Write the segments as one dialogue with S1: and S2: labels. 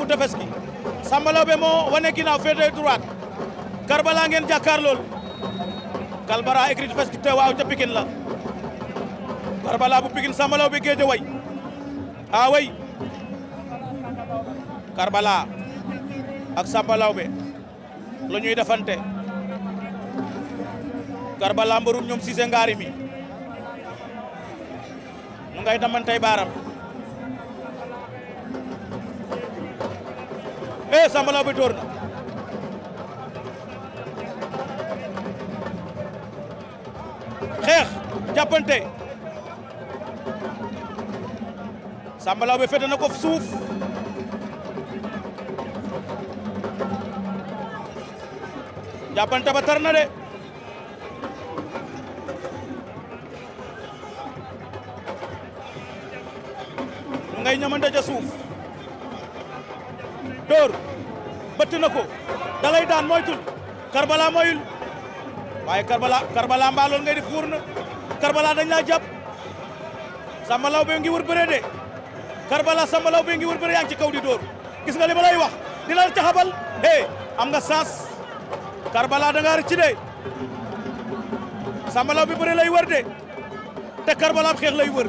S1: bu tefes gi Samba Laobé moo wane ginnaaw féete droite karbala laa ngeen jàkkaar lool Galbara écrit tefes gi te waaw ca Pikine la karbala bu Pikine Samba be géeje way a ah way karbala ak Samba Laobé lu ñuy defante Garba laa mbërum Ngari mi ngay damantay baram eh Sambalaw bi door na xeex jàppante Sambalaw bi fete na suuf jàppante ba tar na de ngay ñamante ca suuf dóor bëtt na ko dalay daan moytul Karbala moyul waaye Karbala Karbala mbaa ngay def wóor Karbala dañ laa jàpp Samba Laobé ngi wër bëree de Karbala Samba Laobé ngi wër bëree yaa ngi ci kaw di dóor gis nga li ma lay wax dina la caxabal eh am nga sens Karbala da ngaa rëcc de Samba Laobé bëree lay wër de te Karbala xeex lay wër.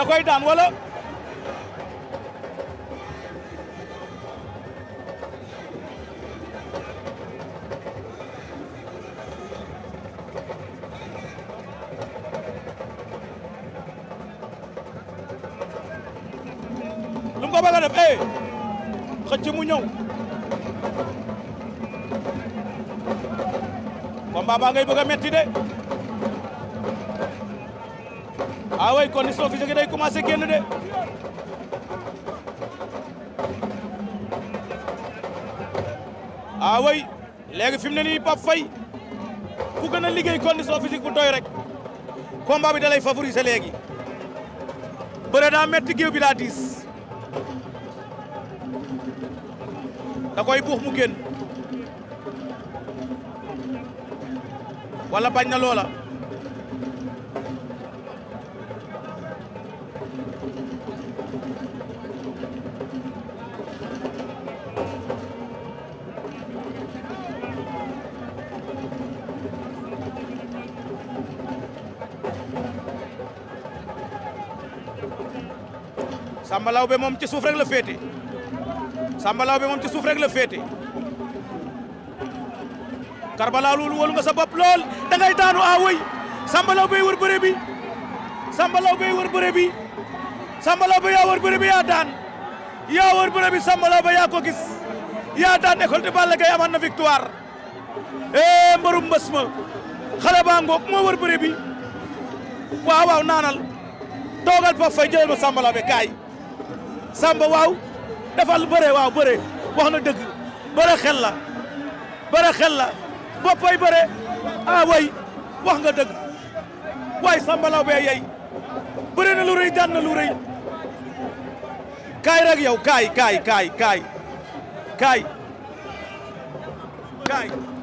S1: takoy daan wala lu mu ko bëgg a def eh xëcc mu ñëw combat ba ngay bëgg a metti de ah way condition physique day commencé génn de ah way léegi fi mu ne nii Pape Faye ku gën a liggéey condition physique bu doy rek combat bi da lay favoriser léegi bëre daa metti bi daa diis da buux mu génn bañ na loola Samba Laobé moom ci suuf rek la féete Samba moom ci suuf rek la féete Karbala loolu nga sa lool da daanu a ah woy Samba Laobé wër wër bëre bi Samba Laobé wër bëre bi yaa daan yaa wër bëre bi Samba Laobé yaa ko gis yaa daan école de Balla Gaye amaan na victoire eh mbërum mbës ma xale baa ngoog moo wër bëre bi naanal toogal fa jëlal ma Samba Laobé kaay Samba waaw defal bëre waaw bëre wax na dëgg bëre xel la bëre xel la boppay bëre ah way wax nga dëgg waay Samba Laobé yay bëre na lu rëy na lu rëy kaay rek yow kaay kaay kaay kaay